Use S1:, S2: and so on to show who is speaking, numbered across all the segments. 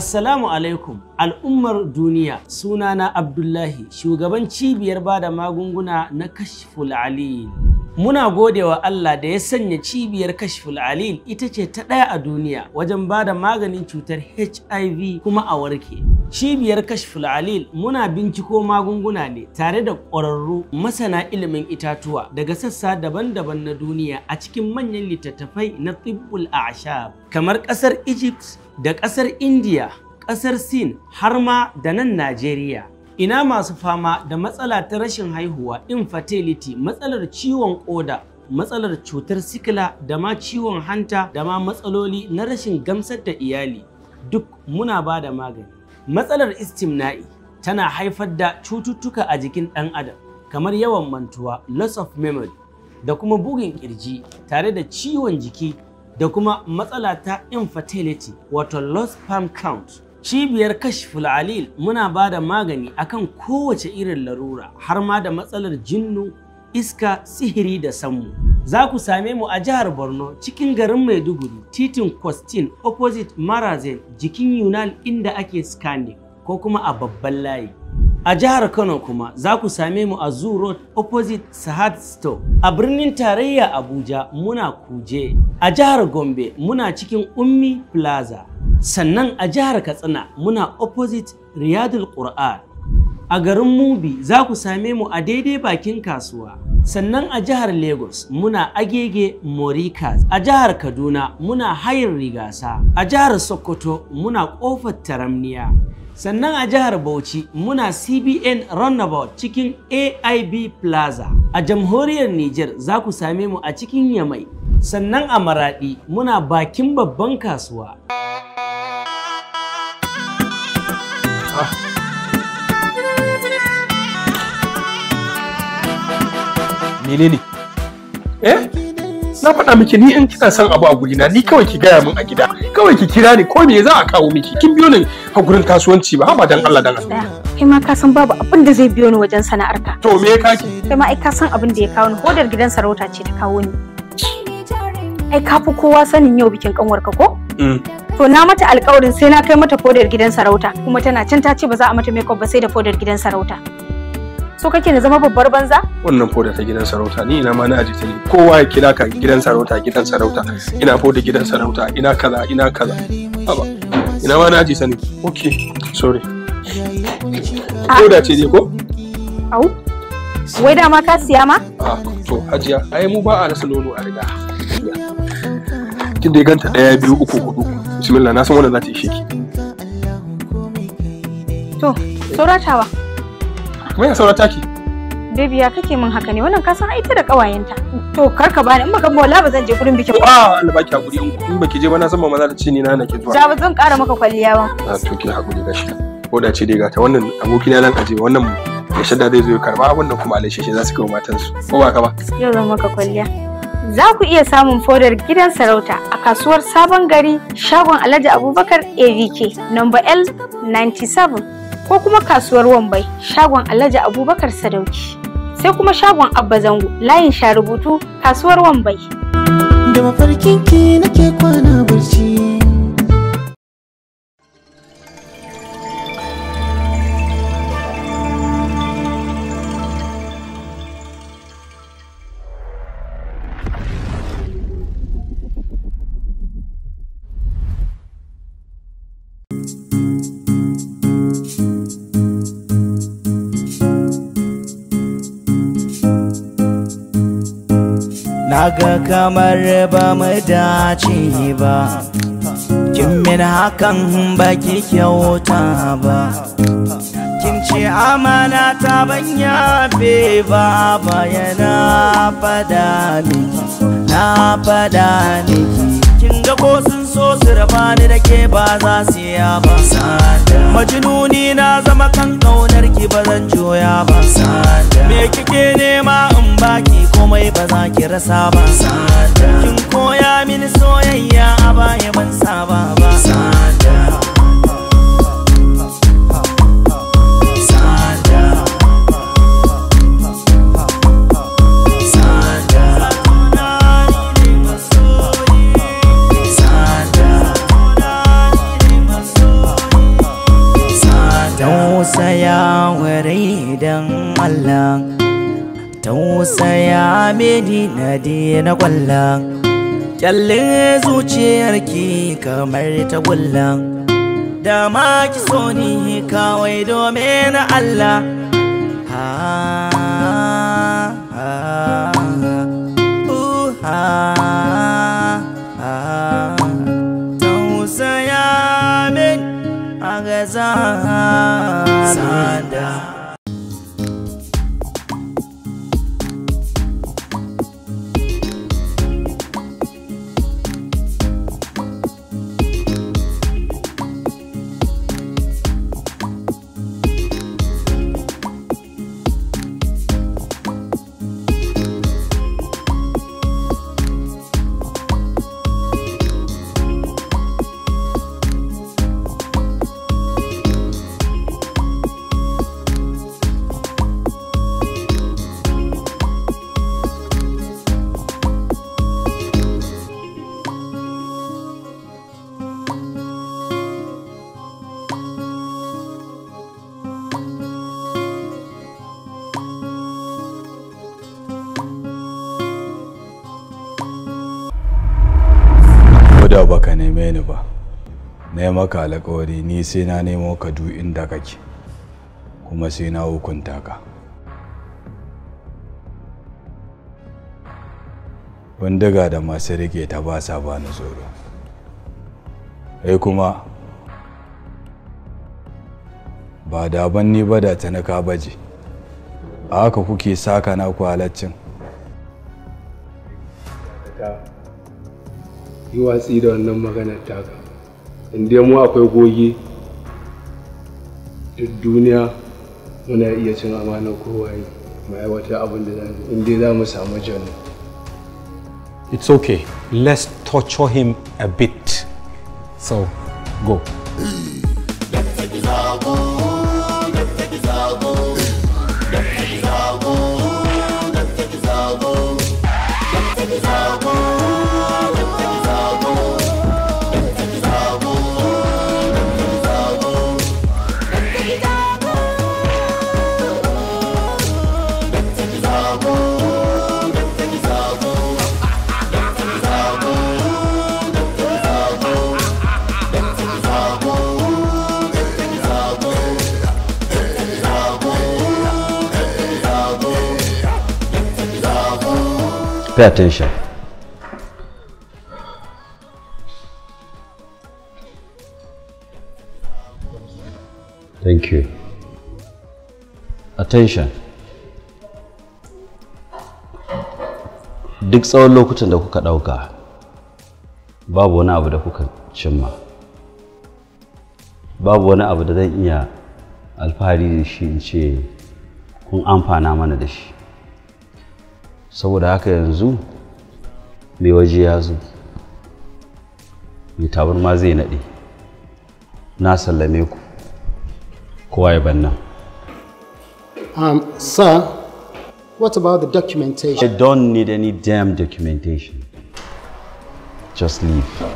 S1: Assalamu alaikum al'ummar duniya sunana Abdullahi shugaban cibiyar bada magunguna na kashful alil. Muna gode wa Allah da ya sanya cibiyar kashful alil ita ce ta ɗaya a duniya wajen ba da maganin cutar HIV kuma a warke. Cibiyar Kashful Alil muna binciko magunguna ne tare da ƙwararru masana ilimin itatuwa daga sassa daban-daban na duniya a cikin manyan littattafai na tibbul ashab kamar ƙasar Egypt da ƙasar India, ƙasar Sin har ma da nan Najeriya. Ina masu fama da matsala ta rashin haihuwa infertility matsalar ciwon ƙoda matsalar cutar sikila da ma ciwon hanta da ma matsaloli na rashin gamsar da iyali duk muna ba da magani. matsalar istimna'i tana haifar da cututtuka a jikin ɗan adam kamar yawan mantuwa loss of memory da kuma bugun kirji tare da ciwon jiki da kuma matsala ta infertility wato loss sperm count cibiyar Kashi alil muna ba da magani akan kowace irin larura har ma da matsalar jinnu iska sihiri da sammu za ku same mu a jihar Borno cikin garin Maiduguri titin Kwastin opposite Marazen jikin Yunal inda ake scanning ko kuma a babban layi. A jihar Kano kuma za ku same mu a Zoo Road opposite Sahad Store. A birnin tarayya Abuja muna Kuje. A jihar Gombe muna cikin Ummi Plaza. Sannan a jihar Katsina muna opposite Riyadul Qur'an. A garin Mubi za ku same mu a daidai bakin kasuwa. sannan a jihar lagos muna agege morika a jihar kaduna muna hayin rigasa a jihar sokoto muna kofar taramniya sannan a jihar bauchi muna cbn runabout cikin aib plaza a jamhuriyar niger za ku same mu a cikin yamai sannan a maradi muna bakin babban kasuwa ah.
S2: menene
S3: eh na faɗa miki ni
S4: in kika san abu a gurina ni kawai ki gaya min a gida kawai ki kira ni ko me za a kawo miki kin biyo ni a gurin kasuwanci ba ba dan Allah dan Allah
S5: kai ma ka san babu abin da zai biyo ni wajen sana'arka to me ka ki kai ma ai ka san abin da ya kawo ni hodar gidan sarauta ce ta kawo ni ai ka fi kowa sanin yau bikin kanwarka ko mm. to na mata alƙawarin sai na kai mata fodar gidan sarauta kuma tana can ta ce ba za a mata makeup ba sai da fodar gidan sarauta so kake na zama babbar banza
S4: wannan foda ta gidan sarauta ni ina ma na aji ta kowa ya kira ka gidan sarauta gidan sarauta ina foda gidan sarauta ina kaza ina kaza haba ina ma na aji sani okay sorry foda ah. ce dai ko
S6: au
S5: wai dama ka siya ma a ah,
S4: to hajiya ai mu ba a rasa nono a riga kin da ganta daya biyu uku hudu bismillah na san wannan za ta ki
S5: to sauratawa Wai saurata ki? Baby ya kake min haka ne wannan ka san ai ta da kawayenta. To kar ka bani in baka mola ba zan je gurin bikin. A ah,
S4: Allah baki hakuri in baki je ba na san ba ma za ta ce ni na nake zuwa. Ja
S5: ba zan ƙara maka kwalliya ba.
S4: A ah, to ki hakuri gashi. Ko da ce dai gata wannan abokina lan aje wannan ya shadda zai zo ya karba wannan kuma alaishe shi za su kai matansu. Ko ba ka ba?
S5: Yau zan maka kwalliya. za ku iya samun fodar gidan sarauta a kasuwar sabon gari shagon alhaji abubakar avk number l 97 ko kuma kasuwar Wambai shagon Alhaji Abubakar Sadauki. Sai kuma shagon Abba Zango layin sha rubutu kasuwar Wambai. Da
S6: mafarkin ki nake kwana barci. kaga kamar ba mu dace ba
S7: kin min hakan ba ki kyauta ba kin ce amana ta ban yafe ba bayana fada ni na fada ni kin ga ko sun so su raba ni da ke ba za su ya ba majnuni na zama kan kaunar ki ba zan joya ba me kike nema in baki komai ba za ki rasa ba kin koya mini soyayya a baya ban saba ba tsaya medina na kwallon kyalle zuciyarki kamar ta gullon da ma ki so ni kawai domin Allah ha, ha.
S8: same ni ba na yi maka alkawari ni sai na nemo ka du inda kake kuma sai na hukunta ka bindiga da masu rike ta ba sa ba ni tsoro kai kuma ba daban ni ba da ta na baje a haka kuke saka na ku
S9: yi watsi da wannan maganar taka inda mu akwai goge duk duniya muna iya cin amanar kowaye
S8: mai wata abin da inda za mu samu jan
S10: it's okay let's torture him a bit so go
S11: pay attention thank you attention duk tsawon lokutan da kuka ɗauka babu wani abu da kuka cimma babu wani abu da zan iya alfahari da shi in ce kun amfana mana da shi saboda haka yanzu mai waje ya zo mai ma zai naɗe na sallame ku kowa ya banna um, sir
S4: what about the documentation i
S11: don't need any damn documentation just leave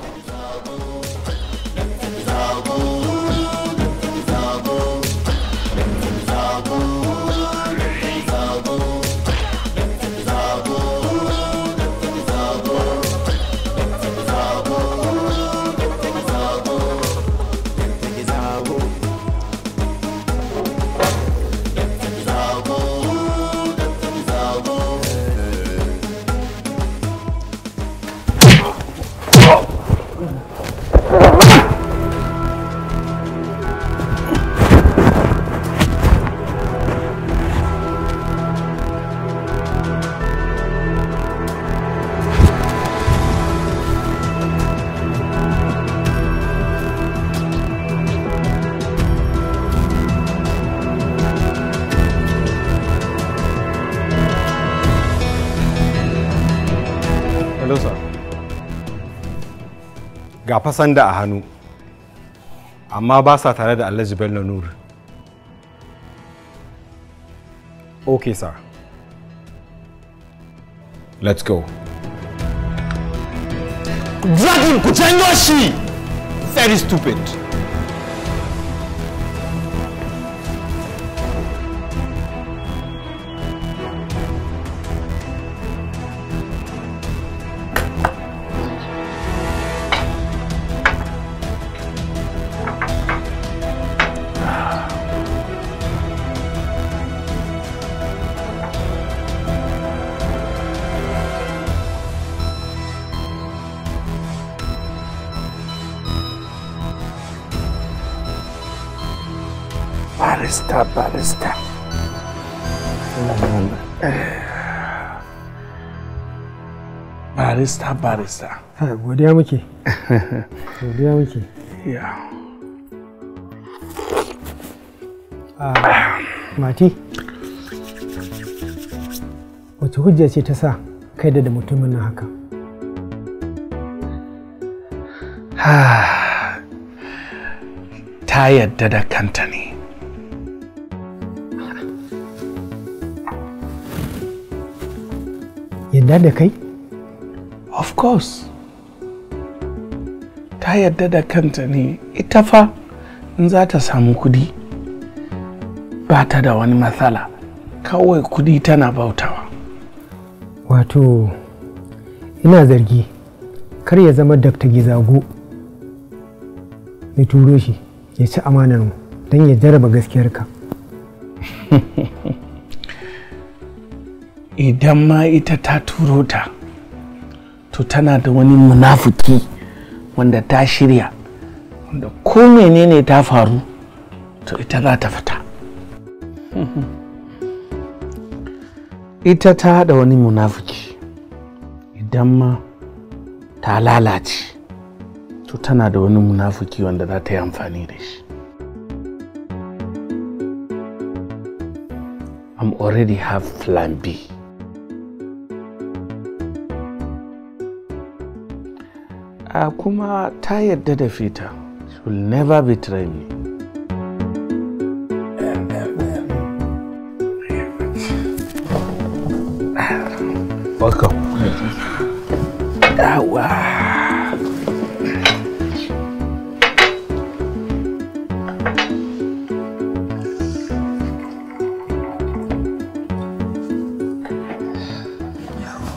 S10: ga sanda a hannu amma ba sa tare da alhaji bello nur Ok, sir let's go dragon ku janyo shi very stupid
S12: stop by barista, barista.
S4: Godiya muke. Godiya muke. Ya. Ah, Mati, wace hujja ce ta sa kai da mutumin na haka?
S12: Ta yadda da kanta ne. yadda da kai? Of course. Ta yadda da kanta ne ita fa in za ta samu kudi ba ta da wani matsala kawai kudi tana bautawa. Wato, ina zargi kar ya zama Dr. Gizago ya turo shi ya ci amanar mu don ya jaraba gaskiyarka. idan ma ita ta turo ta to tana da wani munafuki wanda ta shirya wanda ko menene ta faru to ita za ta fita ita ta da wani munafuki idan ma ta lalace to tana da wani munafuki wanda za ta yi amfani da shi I'm already have plan B. uh, kuma ta yarda da fita she will never betray me
S6: welcome yawa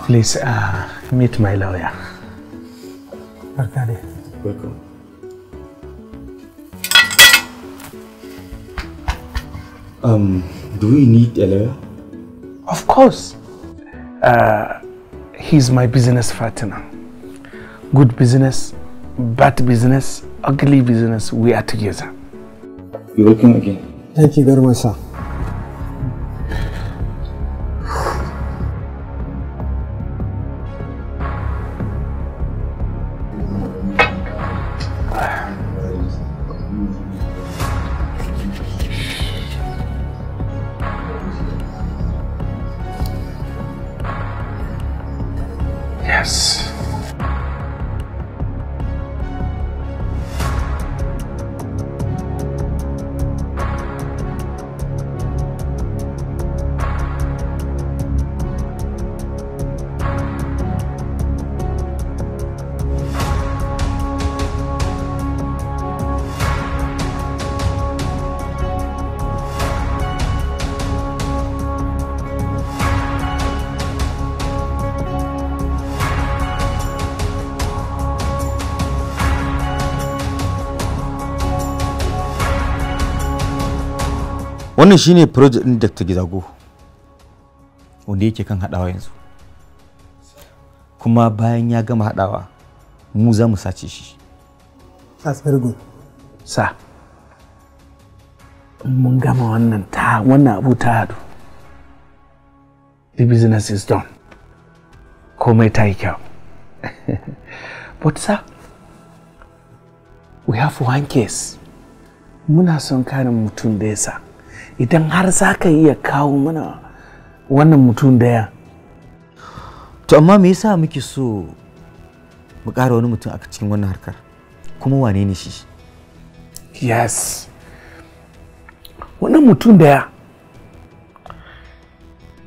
S12: Please uh, meet my lawyer.
S13: Um, do we need a lawyer?
S12: Of course. Uh, he's my business partner. Good business, bad business, ugly business, we are together.
S8: You're welcome again.
S13: Thank you very much, sir. wannan shine project din Dr. Gizago wanda yake kan hadawa yanzu kuma bayan ya gama hadawa mu za mu sace shi that's very good sa
S12: mun gama wannan ta wannan abu ta hadu the business is done komai ta yi kyau but sir we have one case muna son karin mutum da ya sa idan har za ka iya kawo mana wannan
S13: mutum daya to amma me yasa muke so mu ƙara wani mutum a cikin wannan harkar kuma wane ne shi
S12: yes wannan mutum daya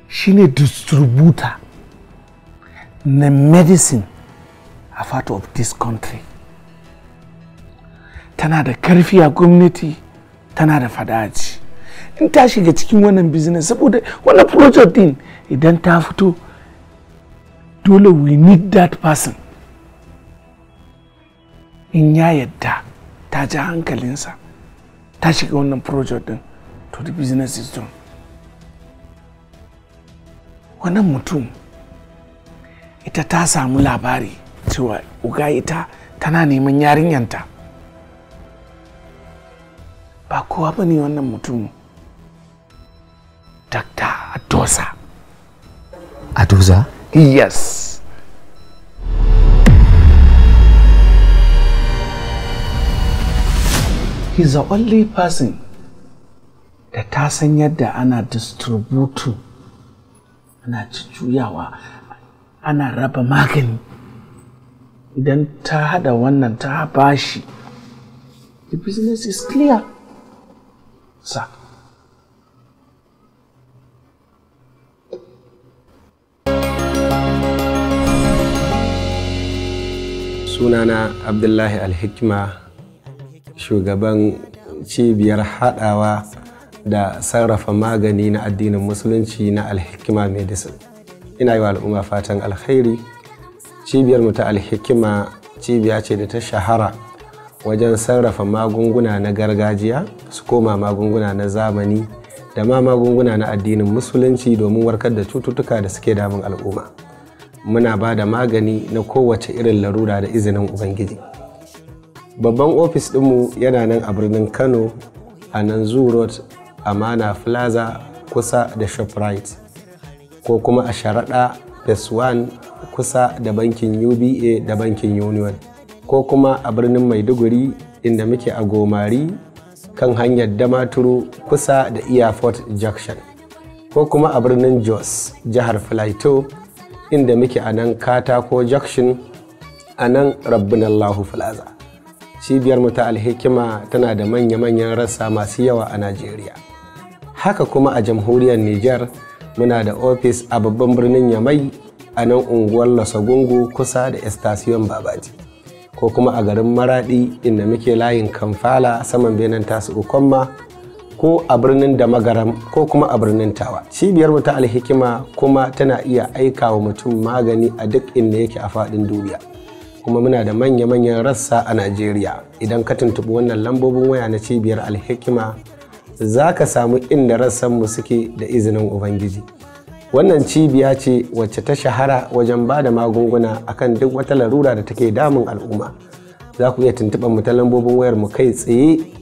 S12: shine distributor na medicine a part of this country tana da karfi a gwamnati tana da fadaji in ta shiga cikin wannan business saboda wannan project din idan ta fito dole we need that person in ya yadda ta ji hankalinsa ta shiga wannan project din to the business is done wannan mutum ita ta samu labari cewa uga ita tana neman yarinyanta ba kowa ba ne wannan mutum Dr. Adosa. Adosa? Yes. He's the only person da ta san yadda ana distributu, ana juyawa, ana raba magani. Idan ta hada wannan ta bashi, the business is clear. Sir.
S4: sunana abdullahi alhikma shugaban cibiyar haɗawa da sarrafa magani na addinin musulunci na alhikima medicine ina yi wa al'umma fatan alkhairi cibiyar mu ta alhikima cibiya ce da ta shahara wajen sarrafa magunguna na gargajiya su koma magunguna na zamani da ma magunguna na addinin musulunci domin warkar da cututtuka da suke damun al'umma muna ba da magani na kowace irin larura da izinin ubangiji babban ofis ɗinmu yana nan a birnin kano a nan zoo road amana plaza kusa da shoprite ko kuma a sharaɗa swan kusa da bankin uba da bankin union ko kuma a birnin maiduguri inda muke a gomari kan hanyar damaturu kusa da airport junction ko kuma a birnin jos jihar filaito inda muke a nan katako junction a nan rabbin allahu plaza cibiyar mu ta alhikima tana da manya-manyan rassa masu yawa a najeriya haka kuma a jamhuriyar niger muna da ofis a babban birnin yamai a nan unguwar lasagungu kusa da estasiyon babaji ko kuma a garin maradi inda muke layin kamfala saman benin tasu ukomma ko a birnin da magaram ko kuma a birnin tawa cibiyar ta alhikima kuma tana iya aika wa mutum magani a duk inda yake a faɗin duniya kuma muna da manya-manyan rassa a najeriya idan ka tuntuɓi wannan lambobin waya na cibiyar alhikima za ka samu inda rassan mu suke da izinin ubangiji wannan cibiya ce wacce ta shahara wajen ba da magunguna akan duk wata larura da take damun al'umma za ku iya tuntuɓar mu ta lambobin wayar mu kai tsaye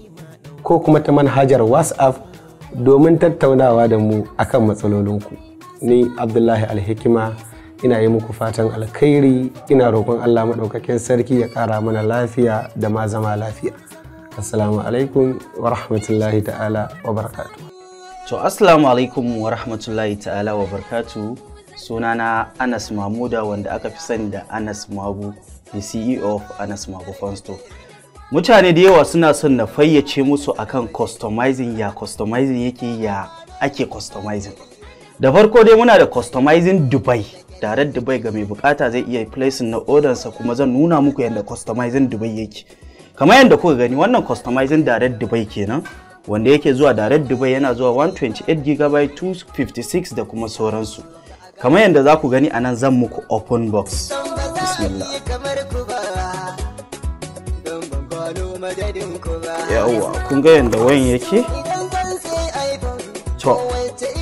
S4: ko kuma ta manhajar WhatsApp domin tattaunawa da mu akan matsalolinku. Ni Abdullahi Alhikima ina yi muku fatan alkhairi ina roƙon Allah maɗaukakin sarki ya ƙara mana lafiya da ma zama lafiya. Assalamu alaikum wa rahmatullahi ta'ala wa barakatu.
S5: To assalamu alaikum wa rahmatullahi ta'ala wa barakatu sunana Anas Mahmuda wanda aka fi sani da Anas Mabu, the CEO of Anas Mabu Fonsto. mutane da yawa suna son na fayyace musu akan customizing ya customizing yake ya ake customizing da farko dai muna da customizing dubai tare dubai ga mai bukata zai iya placing na odansa kuma zan nuna muku yadda customizing dubai yake kamar yadda kuka gani wannan customizing direct dubai kenan wanda yake zuwa direct dubai yana zuwa 128 gb 256 da kuma sauransu kamar yadda za ku gani anan zan muku open box bismillah yawwa kun ga yadda wayan yake to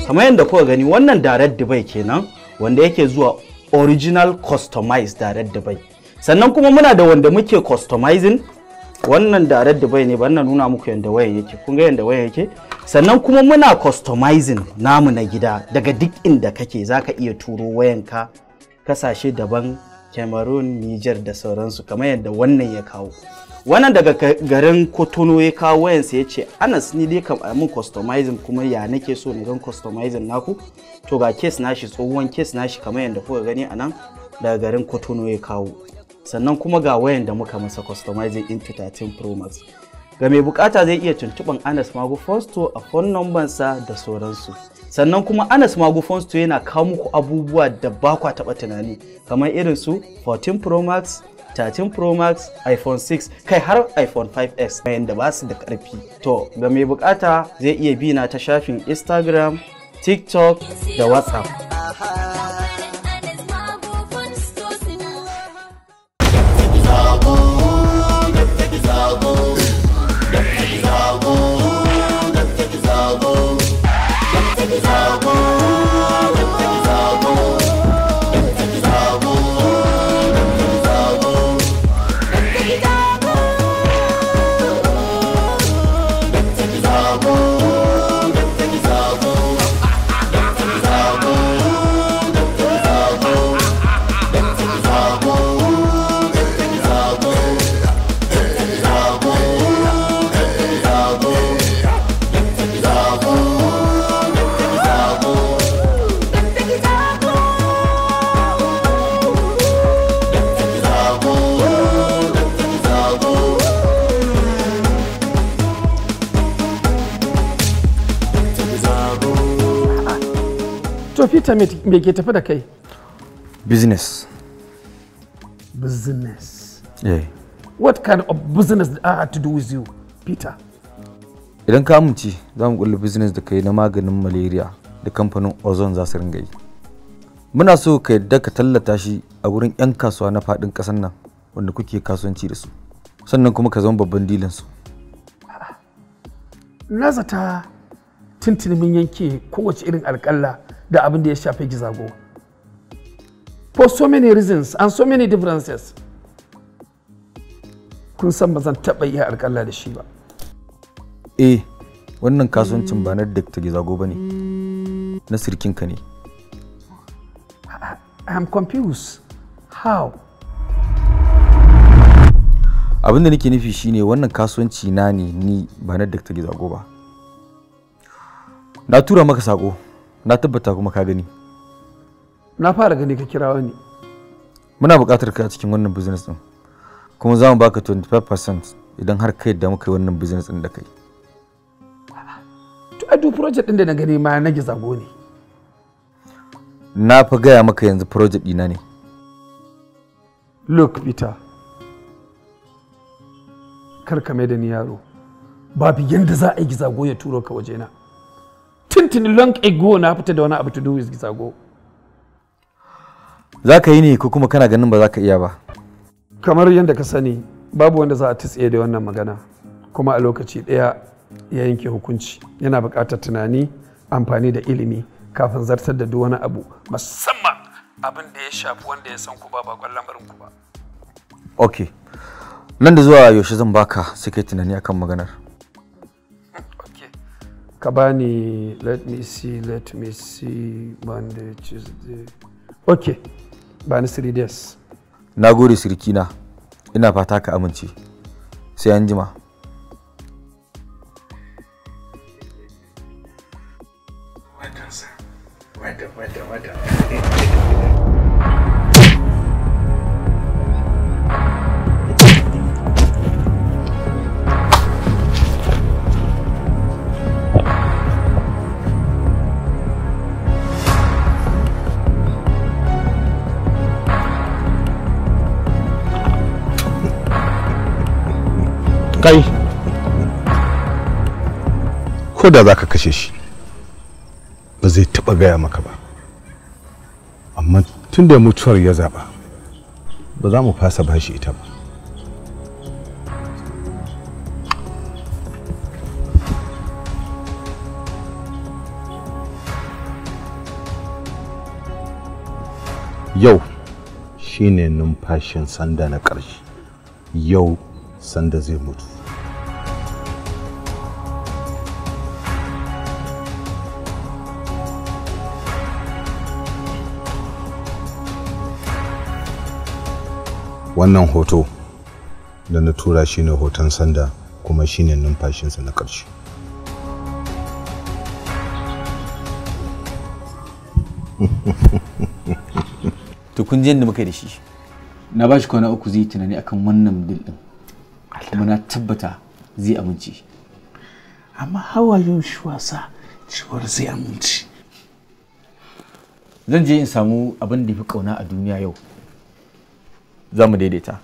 S5: kamar yadda kuka gani wannan direct dubai kenan wanda yake zuwa original customized direct dubai sannan kuma muna da wanda muke customizing wannan direct dubai ne ban na nuna muku yadda wayan yake kun ga yadda wayan yake sannan kuma muna customizing namu na gida daga duk inda kake zaka iya turo wayanka kasashe daban cameroon niger da sauransu kamar yadda wannan ya kawo wannan daga garin kotono ya kawo wayansa ya ce anas ni dai kam mun customizing kuma ya nake so na gan customizing naku to ga case nashi tsohuwan case nashi kamar yadda kuka gani a nan daga garin kotono ya kawo sannan kuma ga wayan da muka masa customizing into 13 pro max ga mai bukata zai iya tuntuban anas mago fonsto a phone number sa da sauransu sannan kuma anas magu fonsto yana kawo muku abubuwa da ba kwa taba tunani kamar irin su 14 pro max 13 pro max iphone 6 kai har iphone 5s bayan da basu da ƙarfi to ga mai bukata zai iya bi na ta shafin instagram tiktok da whatsapp
S3: Dokta me ke tafi da kai?
S13: Business.
S3: Business. Yeah. What kind of business I had to do with you, Peter?
S13: Idan ka amince za mu kulli business da kai na maganin malaria da kamfanin ozone za su ringa yi. Muna so ka yadda ka tallata shi a wurin 'yan kasuwa na faɗin ƙasar nan wanda kuke kasuwanci da su. Sannan kuma ka zama babban dilan su.
S3: Na zata tuntunin yanke kowace irin alƙalla da abin da ya shafe gizago for so many reasons and so many differences kun san ba zan taɓa iya alƙalla da shi ba
S13: eh wannan kasuwancin ba na dakta gizago ba ne na sirkinka ne
S3: i'm confused how
S13: abin da nake nufi shine wannan kasuwanci na ne ni ba na dakta gizago ba na tura maka sako na tabbata kuma ka gani
S3: na fara gani ka kira wani
S13: muna buƙatar ka cikin wannan business din kuma za mu baka 25% idan har kai yadda muka yi wannan business din da kai
S3: to a duk project din da na gani ma na gizago ne
S13: na fa gaya maka yanzu project dina ne
S3: look peter kar ka mai da ni yaro babu yadda za a yi gizago ya turo ka wajena tintini long ago na fita da wani abu to do with gizago
S13: za ka yi ne ko kuma kana ganin ba za ka iya ba
S3: kamar yadda ka sani babu wanda za a tsiye da wannan magana kuma a lokaci daya ya yanke hukunci yana buƙatar tunani amfani da ilimi kafin zartar da duk wani abu
S13: musamman
S3: abin da ya shafi wanda ya san ku ba bakon lamarin ku ba
S13: ok nan da zuwa yaushe zan baka sai tunani akan maganar
S3: ka let me see let me see monday tuesday
S13: ok ba ni 3 days na gode sirikina ina fata ka amince sai an jima Wada, wada, wada.
S10: kai ko da za ka kashe shi ba zai taɓa gaya maka ba amma tun da mutuwar ya zaɓa ba za mu fasa ba shi ita ba yau shine numfashin sanda na ƙarshe yau sanda zai mutu wannan hoto da na tura shi ne hoton sanda kuma shi ne numfashinsa na ƙarshe
S13: jiyan da muka da shi na ba shi kwana uku zai tunani akan wannan dil kuma na tabbata zai amince
S12: amma hawa yin shi
S13: cewar zai amince zan je in samu abin da fi kauna a duniya yau za mu daidaita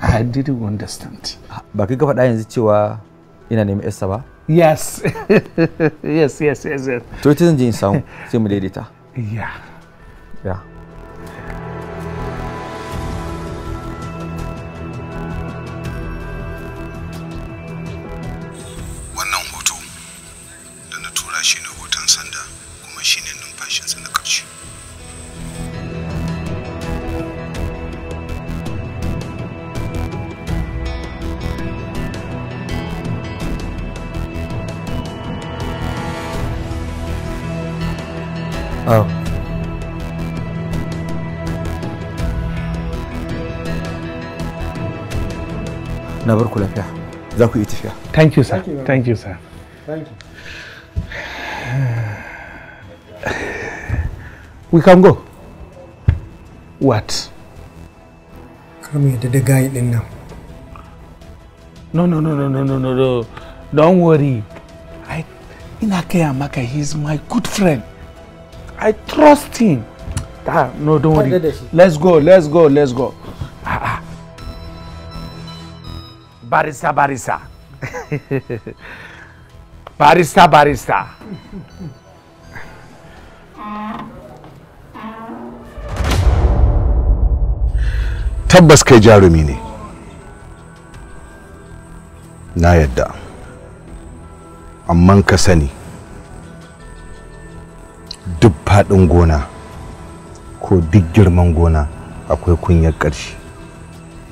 S13: I didn't understand. Ba kai ka faɗa yanzu cewa ina neman yasa ba? Yes. yes, yes, yes, yes. To ita zan je in samu sai mu daidaita. Yeah. Yeah. za ku yi tafiya thank you sir thank you sir thank you
S12: we can go what kama yadda da gayi din nan no no no no no no no no don't worry i ina kaya maka he's my good friend i trust him ah, no don't worry let's go let's go let's go barista barista barista barista
S10: tabbas kai jarumi ne na yadda amma ka sani duk faɗin gona ko duk girman gona akwai kunyar ƙarshe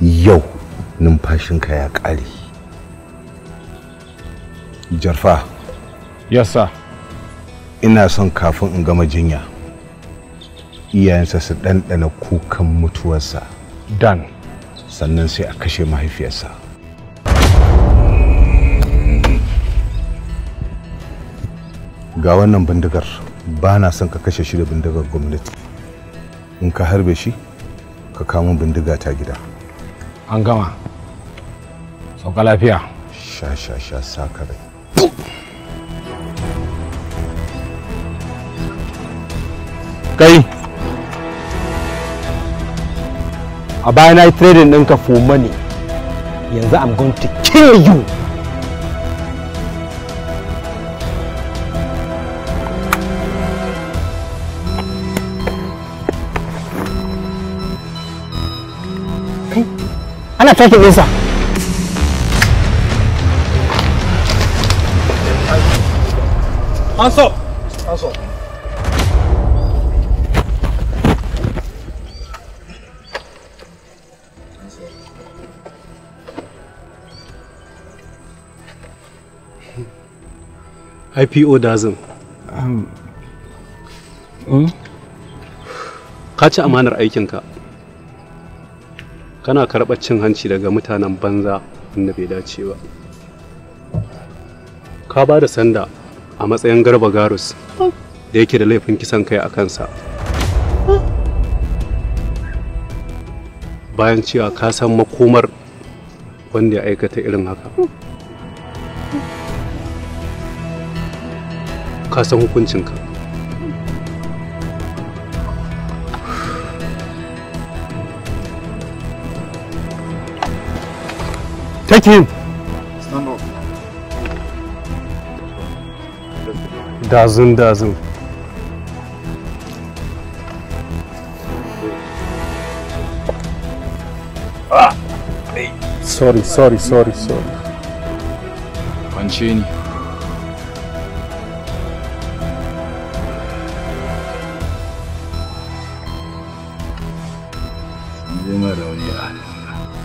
S10: yau numfashinka ya ƙare jarfa yasa ina son kafin in gama jinya iyayensa su ɗanɗana kukan mutuwarsa dan sannan sai a kashe mahaifiyarsa ga wannan bindigar ba na son ka kashe shi da bindigar gwamnati in ka harbe shi ka kamo bindiga ta gida an gama sauka lafiya sha sha sha kare
S9: kai a baya na yi trading ɗinka
S4: for money yanzu i'm going to kill you
S12: ana takin nesa
S9: 搬送，搬送。IPO dazin.
S14: Um, hmm?
S9: amanar aikinka. Kana karɓar cin hanci daga mutanen banza wanda bai dace ba. Ka bada sanda a matsayin garba garus da yake da laifin kisan kai a kansa bayan cewa ka san makomar wanda ya aikata irin haka ka san hukuncinka Take him! Dozen, dozen. Ah! Hey. Sorry, sorry, sorry, sorry. Pancini.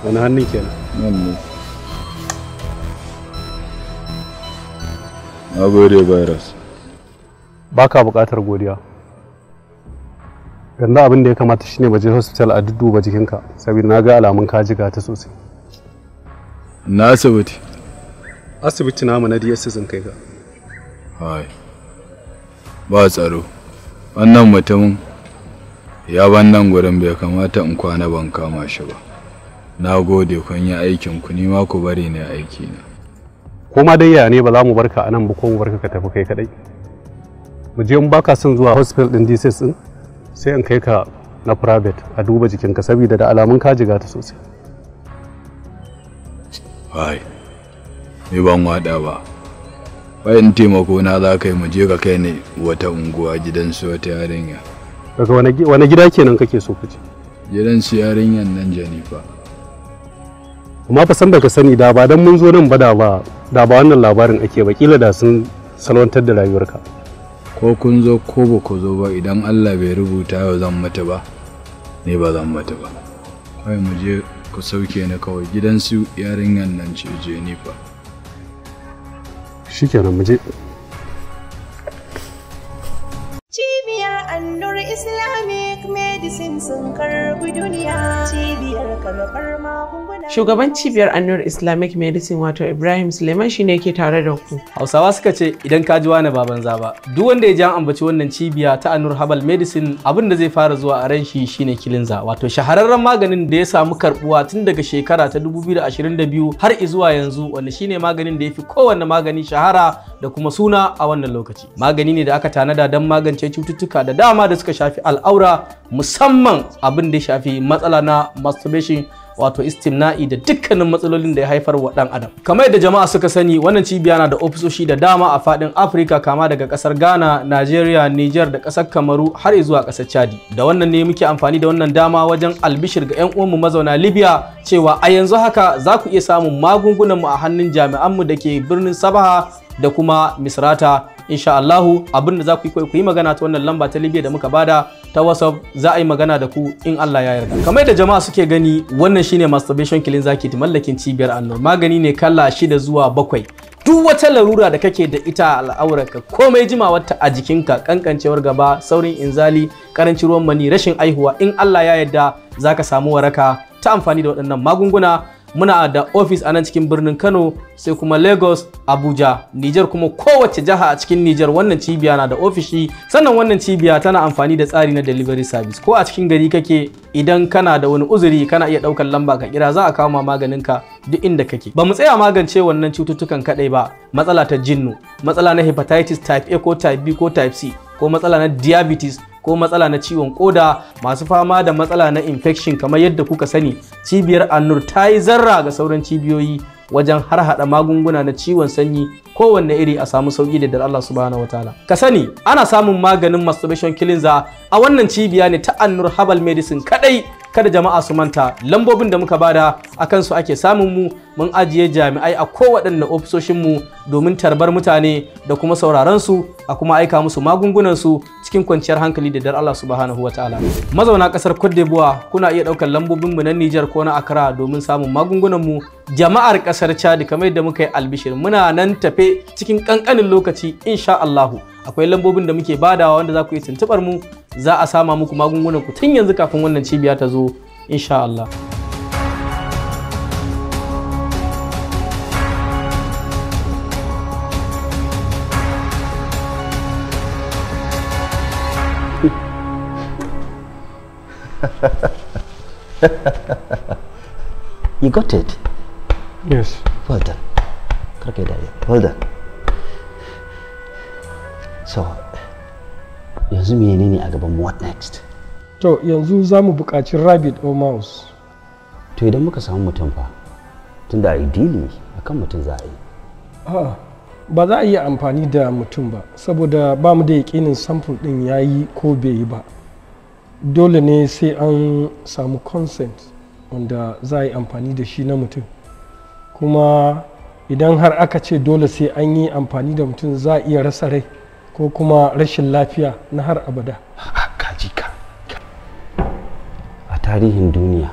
S9: Wani hannun kenan? Nan ne. Na gode virus. ba ka buƙatar godiya yanzu abin da ya kamata shine baje hospital a dudduba jikinka saboda na ga alamun ka jiga ta sosai na asibiti asibiti na DSS sun kai ga
S8: hai ba tsaro wannan mutumin ya ban nan gurin bai kamata in kwana ban kama shi ba na gode kun yi aikin ku ni ma ku bari ne aiki
S9: na ma dai ya ne ba za mu barka anan ba ko mu barka ka tafi kai kadai mu je in baka son zuwa hospital din DCS din sai in kai ka na private a duba jikinka saboda da alamun ka jiga ta sosai
S8: Wai, ni ban wada ba. Bayan taimako na za ka yi mu je ka kai ne wata unguwa gidan su wata yarinya.
S9: Daga wani gida kenan kake so ku
S8: Gidan su yarinyan nan Janifa.
S9: Amma fa san baka sani da ba dan mun zo nan ba da ba da ba wannan labarin ake ba kila da sun salwantar da rayuwarka. ko kun zo ko ba ku zo ba idan Allah bai
S8: rubuta yau zan mutu ba ne ba zan mutu ba kai mu je ku sauke ni kawai gidansu yarinyan nan ce je ni fa shikenan
S9: mu je
S7: mabiya annur islamic medicine sun karbi duniya cibiyar karɓar magunguna shugaban
S1: cibiyar annur islamic medicine wato ibrahim suleiman shine ke tare da ku
S2: hausawa suka ce idan ka ji wani baban zaba duk wanda ya ji an ambaci wannan cibiya ta annur herbal medicine abin da zai fara zuwa a ran shi shine kilinza wato shahararren maganin da ya samu karbuwa tun daga shekara ta 2022 har izuwa yanzu wanda shine maganin da ya fi kowanne magani shahara da kuma suna a wannan lokaci magani ne da aka tanada don magance cututtuka cututtuka da dama da suka shafi al'aura musamman abin da ya shafi matsala na masturbation wato istimna'i da dukkanin matsalolin da ya haifar wa dan adam kamar yadda jama'a suka sani wannan cibiya na da ofisoshi da dama a fadin afirka kama daga kasar ghana nigeria niger da kasar kamaru har zuwa kasar chadi da wannan ne muke amfani da wannan dama wajen albishir ga 'yan uwanmu mazauna libya cewa a yanzu haka za ku iya samun magungunan mu a hannun jami'anmu da ke birnin sabaha da kuma misrata insha Allahu abin da za ku yi ku yi magana ta wannan lamba ta Libya da muka bada ta WhatsApp za a yi magana da ku in Allah ya yarda kamar da jama'a suke gani wannan shine masturbation zaki, ta mallakin cibiyar Annur magani ne kala shida zuwa bakwai duk wata larura da kake da ita a al'aurarka komai ta a jikinka kankancewar gaba saurin inzali karancin ruwan mani rashin aihuwa in Allah ya yarda zaka samu waraka ta amfani da waɗannan magunguna muna da ofis a nan cikin birnin kano sai kuma lagos abuja Niger, kuma kowace jiha a cikin Niger. wannan cibiya na da ofishi sannan wannan cibiya tana amfani da tsari na delivery service ko a cikin gari kake idan kana da wani uzuri kana iya ɗaukar lamba ka kira za a kawo maganin ka duk inda kake ba mu tsaya magance wannan cututtukan kadai ba matsala ta jinnu matsala na hepatitis type a ko type b ko type c ko matsala na diabetes ko matsala na ciwon koda masu fama da matsala na infection kamar yadda kuka sani cibiyar annur ta yi zarra ga sauran cibiyoyi wajen har hada magunguna na ciwon sanyi kowanne iri a samu sauƙi da dar Allah subhanahu wataala ka sani ana samun maganin masturbation cleanser a wannan cibiya ne ta annur herbal medicine kadai kada jama'a su manta lambobin da muka bada a kansu ake samun mu mun ajiye jami'ai a kowaɗanne ofisoshin mu domin tarbar mutane da kuma sauraron su a kuma aika musu magungunan su cikin kwanciyar hankali da dar Allah subhanahu wataala mazauna kasar Cote d'Ivoire kuna iya ɗaukar lambobin mu na Niger ko na Accra domin samun magungunan mu jama'ar kasar Chad kamar yadda muka yi albishir muna nan tafe cikin kankanin lokaci insha Allahu akwai lambobin da muke badawa wanda za ku yi tuntubar mu za a sama muku magungunan ku tun yanzu kafin wannan cibiya ta zo insha Allah
S11: you got it? Yes. Well done. Well done. So, yanzu menene a gaban what next
S3: to yanzu za mu buƙaci rabbit or mouse
S11: to idan muka samu mutum fa tun da ideally akan mutum za a yi
S3: ah, ba za a yi amfani da mutum ba saboda ba mu da yaƙinin samfur ɗin ya yi ko bai yi ba dole ne sai an samu consent wanda za a yi amfani da shi na mutum kuma idan har aka ce dole sai an yi amfani da mutum za a iya rasa rai ko kuma rashin lafiya na har abada kaji
S11: a tarihin duniya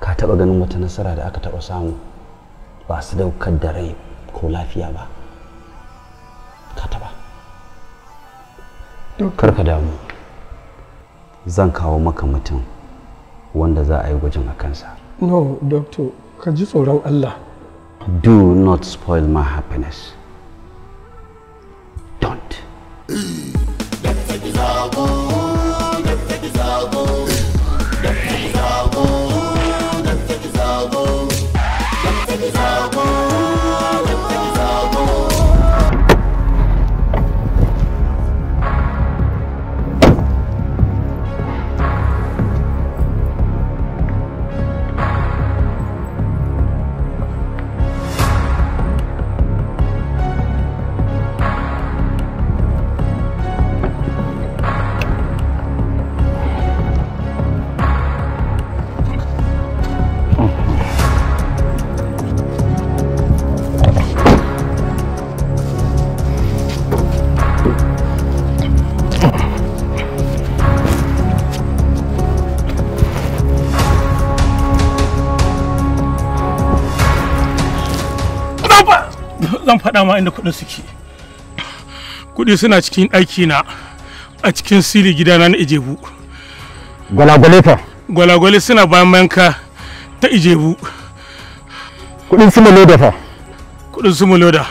S11: ka taba ganin wata nasara da aka taɓa samu ba su daukar da rai ko lafiya ba ka taɓa ka damu zan kawo maka mutum wanda za a yi gwajin a kansa
S3: no doctor ka ji tsoron allah
S11: do not spoil my happiness
S6: Boom.
S12: faɗa ma inda kuɗin suke kuɗi suna cikin ɗaki na a cikin sili gidana na ijebu gwalagwale fa gwalagwale suna bayan manka ta ijebu kuɗin su loda fa kuɗin su loda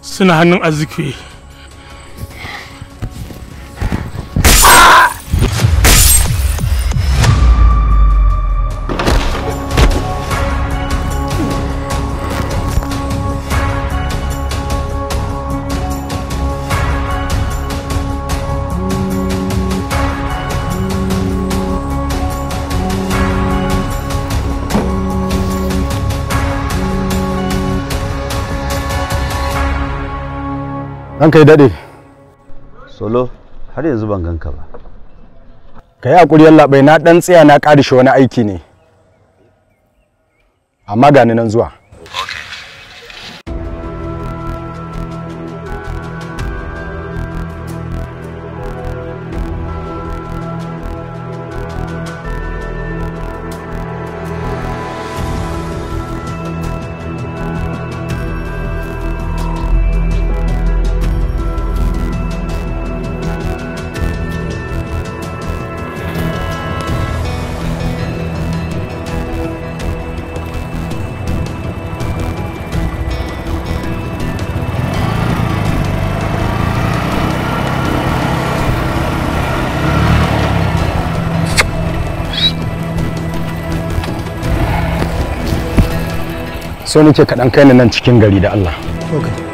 S12: suna hannun arziki
S8: ranka yi daɗe
S11: solo har yanzu ban ganka ba
S8: ka yi haƙuri yallaɓai na ɗan tsaya na ƙarishe wani aiki ne amma gani nan zuwa
S4: so nake kaɗan kai ni nan cikin gari da Allah.
S1: Okay.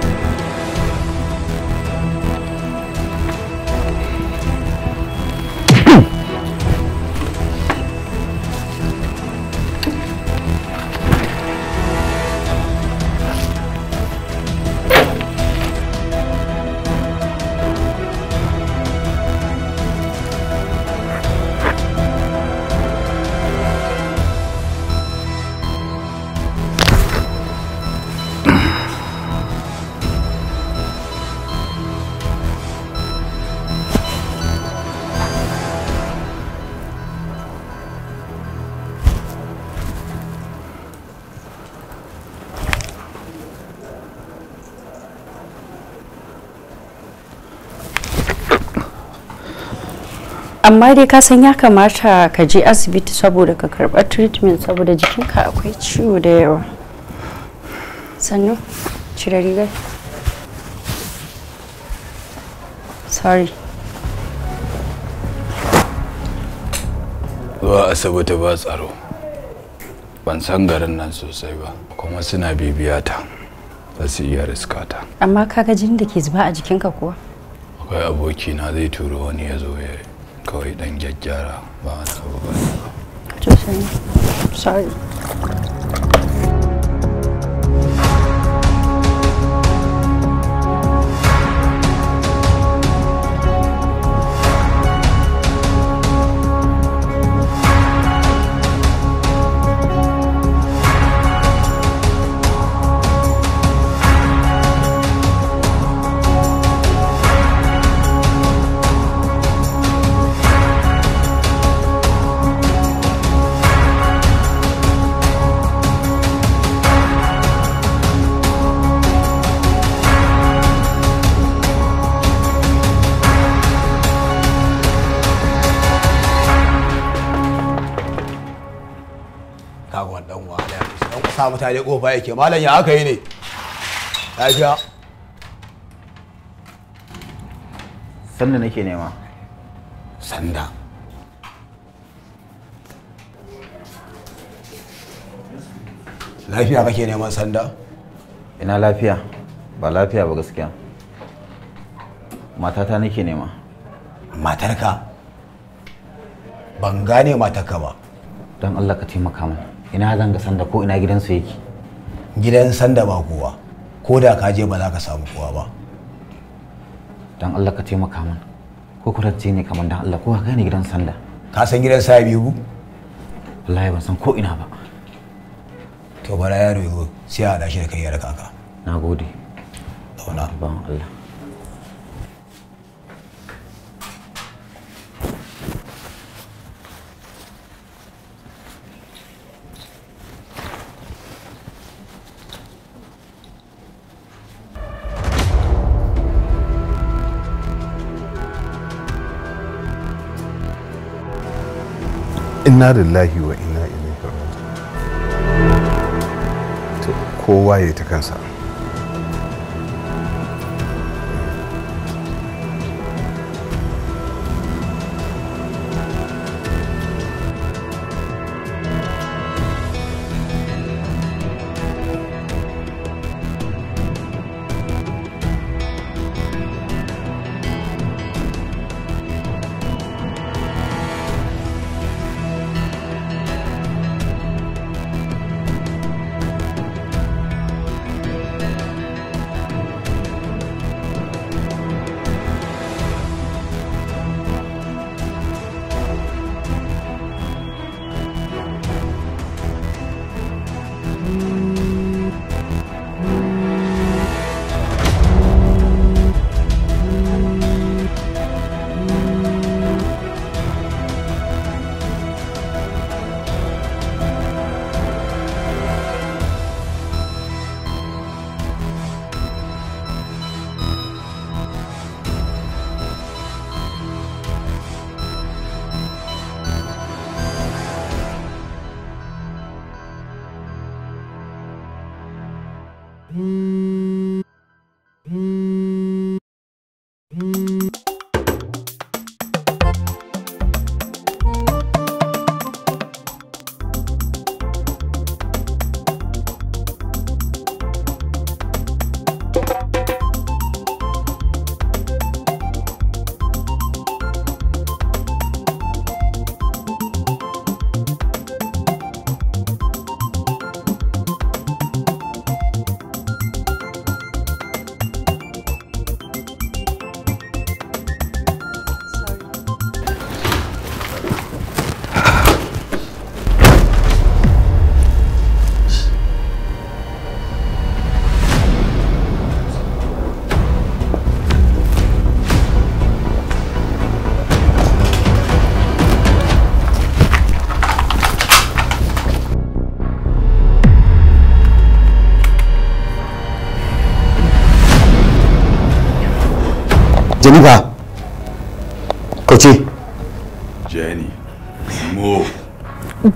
S11: amma dai ka san ya kamata ka je asibiti saboda ka karba treatment saboda jikinka akwai ciwo da yawa sannu cire rigar sorry
S8: zuwa asibiti ba tsaro ban san garin nan sosai ba kuma suna bibiya ta ba su iya riskata
S11: amma ka ga jin da ke zuba a jikinka kuwa
S8: akwai abokina zai turo wani ya zo ya yi. Kau dan jajar lah Bang Terus ni Sorry
S4: mutane kofa yake malam ya aka yi ne lafiya
S5: sanda nake nema sanda
S10: lafiya kake neman sanda
S13: ina lafiya ba lafiya ba gaskiya matata nake nema matarka ban gane matarka ba don allah ka taimaka mana ina zan ga sanda ko ina gidansu yake gidan sanda ba kowa ko da ka je ba za ka samu kowa ba dan Allah ka taimaka min ko rance ne kamar dan Allah ko ka gane gidan sanda ka san gidan sahibi bu wallahi ban san ko ina ba to bara yaro sai a dashi da kai ya raka ka nagode zauna
S14: ban Allah
S10: inna lillahi wa inna ilaihi raji'un kowa ya ta kansa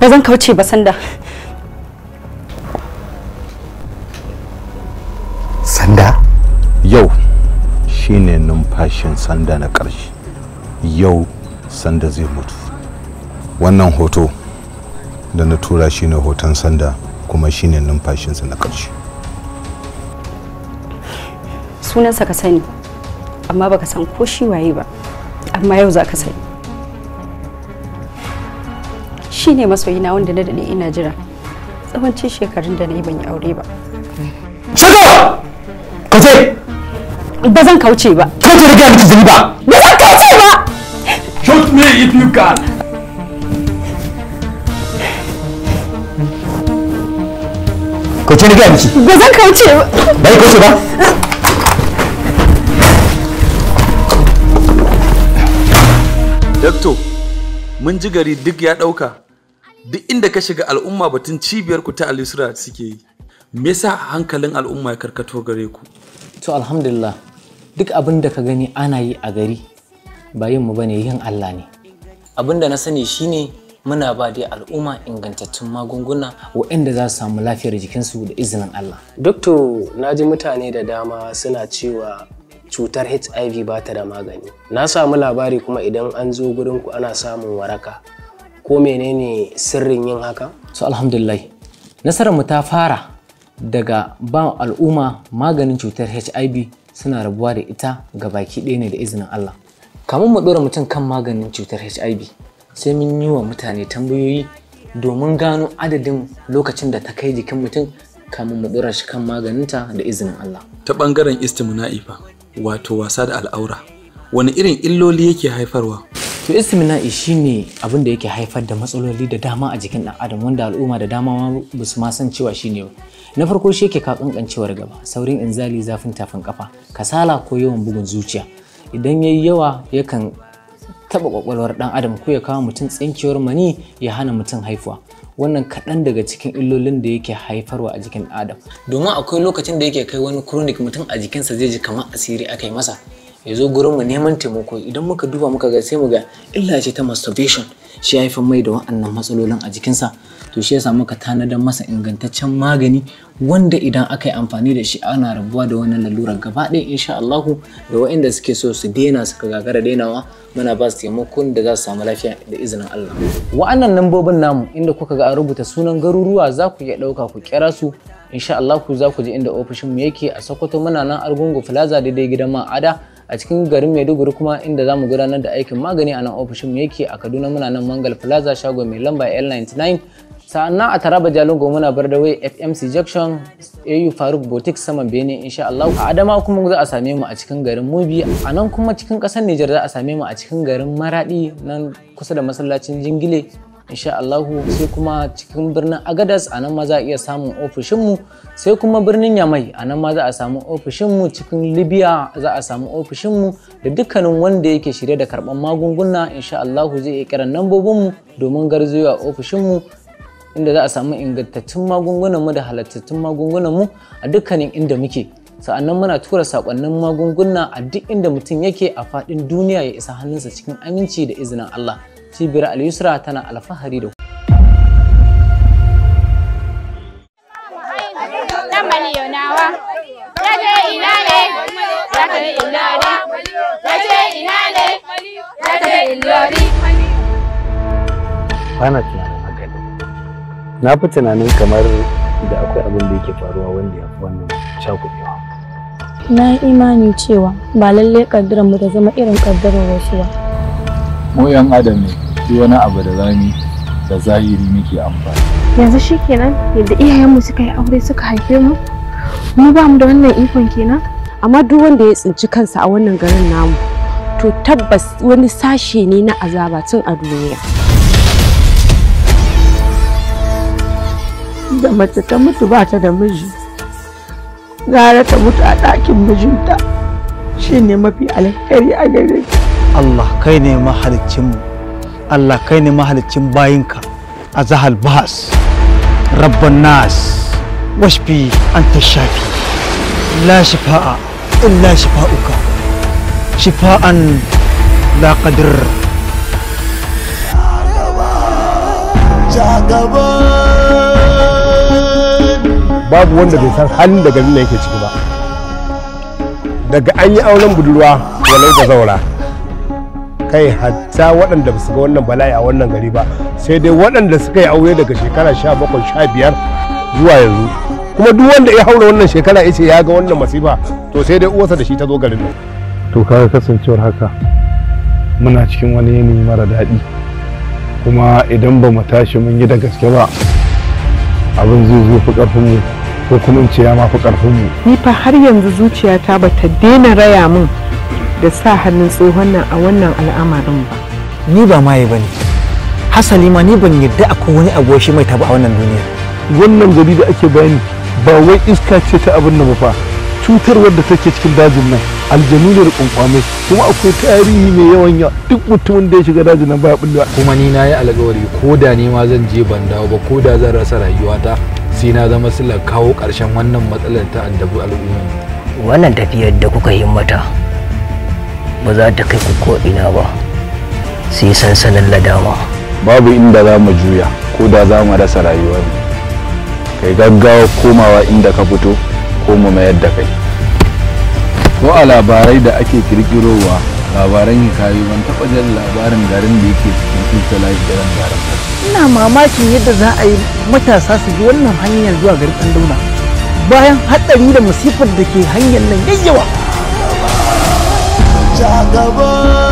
S11: ba zan kauce ba sanda
S10: sanda yau shine numfashin sanda na ƙarshe yau sanda zai mutu wannan hoto da na tura shine hoton sanda kuma shine numfashinsa na ƙarshe
S11: sunansa ka sani amma baka san ko shi waye ba amma yau za ka sani shine masoyina wanda na daɗe ina jira tsawon ci shekarun da na yi ban yi aure ba shiga kaje
S9: ba zan kauce ba kaje ta gaya miki zuni ba ba
S3: zan kauce ba shoot me if you can
S12: kauce da gaya miki
S6: ba zan kauce ba bai kauce ba
S3: Dakto, mun ji gari duk ya ɗauka duk inda ka shiga al'umma batun cibiyar ku ta alisra suke yi me yasa hankalin al'umma ya karkato gare ku to alhamdulillah
S14: duk abin da ka gani ana yi a gari ba yin mu bane yin Allah ne abin da na sani shine muna ba da al'umma ingantattun magunguna waɗanda za su samu lafiyar jikinsu da izinin Allah. doctor na ji mutane da dama suna cewa cutar HIV ba ta da magani. Na samu labari kuma idan an zo gurinku ana samun waraka. ko menene sirrin yin haka so alhamdulillah nasarar mu ta fara daga ba al'umma maganin cutar hiv suna rabuwa da ita ga baki ɗaya ne da izinin allah kamun mu ɗora mutum kan maganin cutar hiv sai mun yi wa mutane tambayoyi domin gano adadin lokacin da ta kai jikin mutum kamun mu ɗora shi kan maganinta da izinin allah ta
S3: bangaren istimna'i fa
S14: wato wasa da al'aura wani irin illoli yake haifarwa to shi shine abin da yake haifar da matsaloli da dama a jikin ɗan adam wanda al'umma da dama ma ba su ma san cewa shine ba na farko shi yake ka kakankancewar gaba saurin inzali zafin tafin kafa kasala ko yawan bugun zuciya idan yayi yawa yakan taɓa ƙwaƙwalwar dan adam ko ya kawo mutum tsinkewar mani ya hana mutum haifuwa wannan kaɗan daga cikin illolin da yake haifarwa a jikin adam domin akwai lokacin da yake kai wani chronic mutum a jikinsa zai ji kamar asiri aka yi masa ya zo gurin mu neman taimako idan muka duba muka ga sai mu ga illa ce ta masturbation shi ya haifar mai da wa'annan matsalolin a jikinsa to shi yasa muka tanadar masa ingantaccen magani wanda idan aka yi amfani da shi ana rabuwa da wannan lalurar gaba ɗaya insha Allahu da waɗanda suke so su daina suka gagara dainawa muna ba su taimakon da za su samu lafiya da izinin Allah. Wa'annan lambobin namu inda kuka ga an rubuta sunan garuruwa za ku iya ɗauka ku kira su insha Allahu za ku ji inda ofishinmu yake a Sokoto muna nan Argungu Plaza daidai gidan Ma'ada a cikin garin maiduguri kuma inda za mu gudanar da aikin magani a nan ofishin mu yake a kaduna muna nan mangal plaza shago mai lamba l99 sannan a taraba jalingo muna bar da fmc junction au faruk boutique saman bene insha allah a adama kuma za a same mu a cikin garin mubi a nan kuma cikin kasar nijar za a same mu a cikin garin maradi nan kusa da masallacin jingile insha Allahu sai kuma cikin birnin Agadas a nan ma za a iya samun ofishinmu sai kuma birnin Yamai a nan ma za a samu ofishinmu cikin Libya za a samu ofishinmu da dukkanin wanda yake shirye da karɓar magunguna insha Allahu zai iya kiran lambobinmu domin garzuwa ofishinmu inda za a samu ingantattun magungunanmu da halattattun magungunanmu a dukkanin inda muke sa'annan muna tura sakonnin magunguna a duk inda mutum yake a faɗin duniya ya isa hannunsa cikin aminci da izinin Allah. cibiyar al'isra tana alfahari da
S3: Bana tunanin haka ne. Na fi tunanin kamar da akwai abin da yake faruwa wanda ya fi wannan cakuɗewa.
S14: Na imani cewa ba lallai ƙaddarar mu ta zama irin ƙaddarar wasu ba.
S8: mu yan adam ne duk wani abu da zamu da zahiri muke amfani
S1: yanzu shikenan yadda
S5: iyayenmu suka yi aure suka haife mu
S1: mu ba mu da wannan ikon kenan amma duk wanda ya tsinci kansa a wannan garin namu to tabbas wani sashe ne na azaba tun a
S7: duniya da mace ta mutu ba ta da miji gara ta mutu a ɗakin mijinta shine mafi alheri a gare ta
S5: Allah kai ne mahalicinmu Allah kai ne mahalicin bayinka a zahal bahas rabban nas
S13: an anta shafi la shifa'a illa
S7: shifa'uka shifa'an la qadir
S4: babu wanda bai san halin da garin da yake ciki ba daga an yi auren budurwa walau da zaura kai hatta waɗanda ba su ga wannan bala'i a wannan gari ba sai dai waɗanda suka yi aure daga shekara sha bakwai sha biyar zuwa yanzu kuma duk wanda ya haura wannan shekara ya ce ya ga wannan masifa to sai dai uwarsa da shi ta zo
S10: garin nan to kaga kasancewar haka muna cikin wani yanayi mara daɗi kuma idan ba mu tashi mun yi da gaske ba abin zai zo fi ƙarfin mu ko kuma in ce ya ma fi ƙarfin mu
S9: ni fa har yanzu zuciyata ba ta daina
S4: raya min da sa hannun tsohon nan a wannan al'amarin ba ni ba maye ba
S10: ne hasali ma ni ban yadda akwai wani abu mai taba a wannan duniya wannan gari da ake bayani ba wai iska ce ta abin nan ba cutarwar da take cikin dajin nan aljanu ne da kuma akwai tarihi mai yawan yawa duk mutumin da ya shiga dajin nan baya bullewa
S8: kuma ni na yi alkawari ko da ni ma zan je ban dawo ba ko da zan rasa rayuwata sai na zama sila kawo ƙarshen wannan matsalar ta addabi al'umma wannan tafiyar da kuka himmata
S1: ba za ta kai ku ko'ina ba sai sansanin
S8: ladama babu inda za mu juya ko da za mu rasa rayuwar kai gaggawa komawa inda ka fito ko mu mayar da kai ko a labarai da ake kirkirowa labaran hikayi ban taɓa jan labarin garin da yake cikin tuntula irin garin
S14: ina mamakin yadda za a yi matasa su ji wannan hanyar
S5: zuwa garin ɗan dauna bayan hatsari da masifar da ke hanyar nan yayyawa
S6: Jagabon